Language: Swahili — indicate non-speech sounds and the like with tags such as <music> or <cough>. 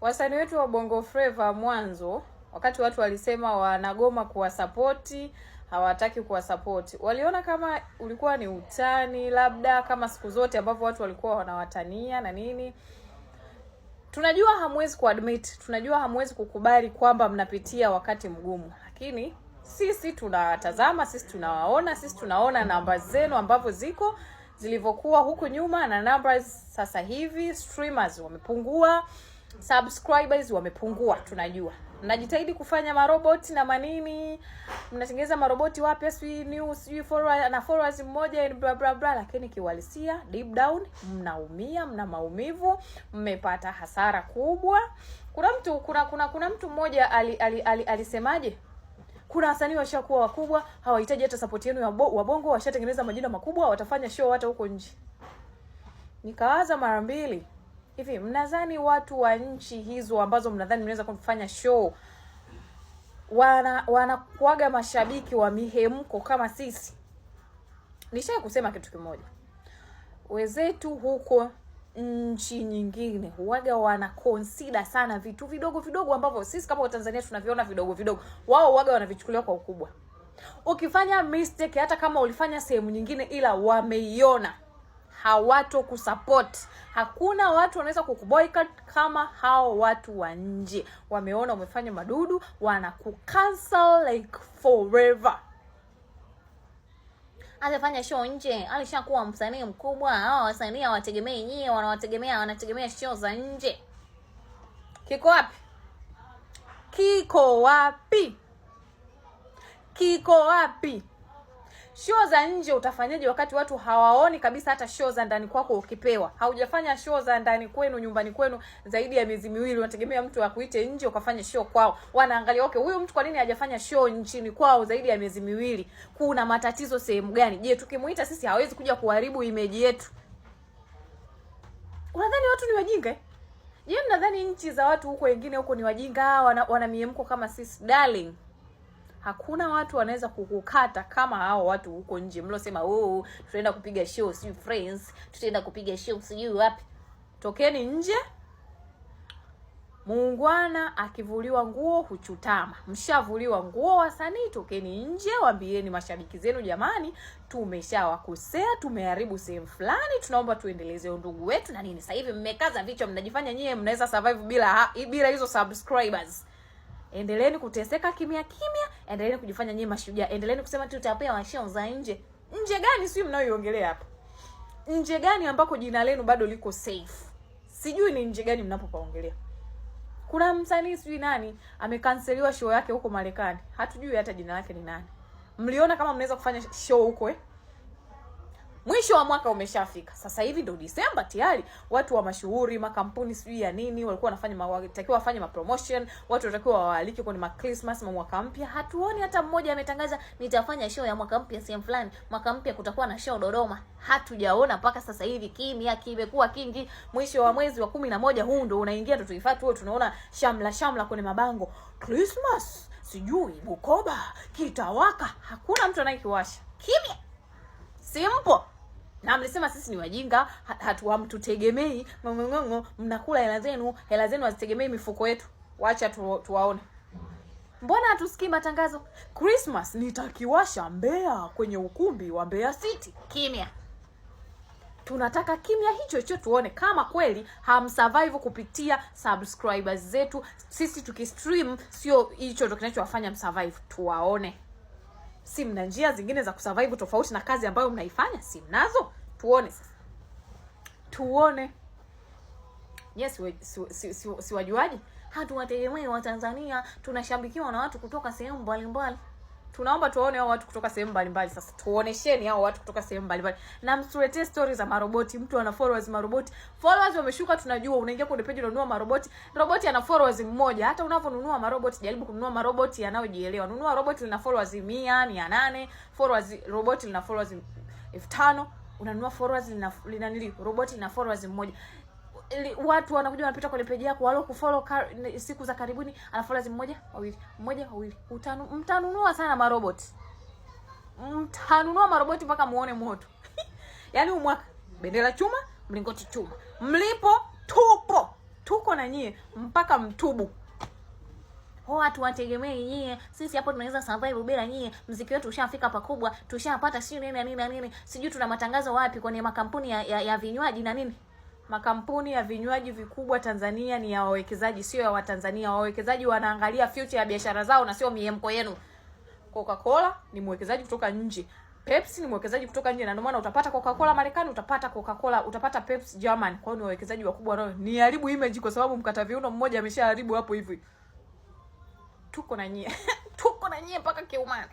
wasanii wetu wa Bongo freva mwanzo, wakati watu walisema wanagoma kuwasapoti, hawataki kuwasapoti, waliona kama ulikuwa ni utani, labda kama siku zote ambavyo watu walikuwa wanawatania na nini. Tunajua hamwezi kuadmit, tunajua hamwezi kukubali kwamba mnapitia wakati mgumu, lakini sisi tunawatazama sisi tunawaona, sisi tunaona namba zenu ambavyo ziko zilivyokuwa huku nyuma na numbers sasa hivi. Streamers wamepungua subscribers wamepungua, tunajua mnajitahidi kufanya maroboti na manini, mnatengeneza maroboti wapya, sijui new sijui follower na followers mmoja and bla bla bla, lakini kiwalisia deep down mnaumia, mna maumivu, mmepata hasara kubwa. Kuna mtu kuna kuna kuna mtu mmoja alisemaje, ali, ali, ali kuna wasanii washakuwa wakubwa, hawahitaji hata support yenu ya wabongo, washatengeneza majina makubwa, watafanya show hata huko nje. Nikawaza mara mbili hivi mnadhani watu wa nchi hizo ambazo mnadhani mnaweza kufanya show wana wanakuaga mashabiki wa mihemko kama sisi? nisha kusema kitu kimoja, wezetu huko nchi nyingine huaga wana consider sana vitu vidogo vidogo ambavyo sisi kama Watanzania tunaviona vidogo vidogo, wao huaga wanavichukulia kwa ukubwa. Ukifanya mistake hata kama ulifanya sehemu nyingine, ila wameiona kusupport. Hakuna watu wanaweza kukuboycott kama hao watu wa nje wameona umefanya madudu, wanakucancel like forever. Alifanya show nje, alishakuwa msanii mkubwa. Hao wasanii hawategemei nyie, wanawategemea wanategemea show za nje. Kiko wapi? Kiko wapi? Kiko wapi? show za nje utafanyaje wakati watu hawaoni kabisa hata show za ndani kwako ukipewa? Haujafanya show za ndani kwenu nyumbani kwenu zaidi ya miezi miwili, unategemea mtu akuite nje ukafanye show kwao? Wanaangalia okay, huyu mtu kwa nini hajafanya show nchini kwao zaidi ya miezi miwili? Kuna matatizo sehemu gani? Je, tukimuita sisi hawezi kuja kuharibu image yetu? Unadhani watu ni wajinga? Je, mnadhani nchi za watu huko wengine huko ni wajinga? Wana, wana miemko kama sisi darling? hakuna watu wanaweza kukukata kama hao watu huko nje mlosema, oh, tutaenda kupiga show sijui friends, tutaenda kupiga show sijui wapi. Tokeni nje. Muungwana akivuliwa nguo huchutama. Mshavuliwa nguo wasanii, tokeni nje, waambieni mashabiki zenu, jamani, tumeshawakosea, tumeharibu sehemu fulani, tunaomba tuendeleze undugu wetu na nini. Sasa hivi mmekaza vichwa, mnajifanya nyie mnaweza survive bila bila hizo subscribers. Endeleeni kuteseka kimya kimya, endeleeni kujifanya nyinyi mashujaa, endeleeni kusema tu tutapea washao za nje. Nje gani sio mnayoiongelea hapa? Nje gani ambako jina lenu bado liko safe? Sijui ni nje gani mnapopaongelea. Kuna msanii sijui nani amekanseliwa show yake huko Marekani, hatujui hata jina lake ni nani. Mliona kama mnaweza kufanya show huko eh? mwisho wa mwaka umeshafika. Sasa hivi ndo Disemba tayari, watu wa mashuhuri, makampuni sijui ya nini walikuwa wanafanya watakiwa wafanye ma promotion, watu watakiwa wawaalike kwenye ma Christmas, ma mwaka mpya. Hatuoni hata mmoja ametangaza nitafanya show ya mwaka mpya sehemu fulani, mwaka mpya kutakuwa na show Dodoma. Hatujaona mpaka sasa hivi, kimya kimekuwa kingi. Mwisho wa mwezi wa kumi na moja huu ndo unaingia, ndo tuifatu huo, tunaona shamla shamla kwenye mabango Christmas sijui Bukoba kitawaka. Hakuna mtu anayekiwasha, kimya simpo na mlisema sisi ni wajinga, hatu hamtutegemei, mng'ong'o, mnakula hela zenu, hela zenu hazitegemei mifuko yetu. Wacha tu, tuwaone. Mbona hatusikii matangazo? Christmas nitakiwasha Mbeya kwenye ukumbi wa Mbeya City. Kimya. Tunataka kimya hicho hicho tuone kama kweli hamsurvive kupitia subscribers zetu. Sisi tukistream sio hicho ndo kinachowafanya msurvive. Tuwaone si mna njia zingine za kusurvive tofauti na kazi ambayo mnaifanya? Si mnazo? Tuone sasa, tuone nye siwajuaji. Hatuwategemei Watanzania, tunashabikiwa na watu kutoka sehemu mbalimbali tunaomba tuwaone hao watu kutoka sehemu mbalimbali. Sasa tuonesheni hao watu kutoka sehemu mbalimbali, na msiletee story za maroboti. Mtu ana followers maroboti, followers wameshuka, tunajua. Unaingia kwenye page unanunua maroboti, roboti ana followers mmoja. Hata unavyonunua maroboti, jaribu kununua maroboti yanayojielewa. Nunua roboti lina followers 100, 800, followers roboti lina followers 5000 unanunua followers lina lina nili roboti lina followers mmoja watu wanakuja wanapita kwenye peji yako walio kufollow kar, siku za karibuni, alafu lazima mmoja wawili, mmoja wawili, utanu mtanunua sana maroboti, mtanunua maroboti mpaka muone moto <laughs> yaani umwaka bendera chuma, mlingoti chuma, mlipo tupo, tuko na nyie mpaka mtubu. Watu wategemee nyie, sisi hapo tunaweza survive bila nyie. Mziki wetu ushafika pakubwa, tushapata sijui nini na nini na nini, sijui tuna matangazo wapi kwenye makampuni ya, ya, ya vinywaji na nini makampuni ya vinywaji vikubwa Tanzania ni ya wawekezaji, sio ya Watanzania. Wawekezaji wanaangalia future ya biashara zao na sio miemko yenu. Coca-Cola ni mwekezaji kutoka nje. Pepsi ni mwekezaji kutoka nje na ndio maana utapata Coca-Cola Marekani, utapata Coca-Cola, utapata Pepsi German. Kwa hiyo ni wawekezaji wakubwa nao. Ni haribu image kwa sababu mkata viuno mmoja ameshaharibu hapo hivi. Tuko na nyie. <laughs> Tuko na nyie mpaka kiumani.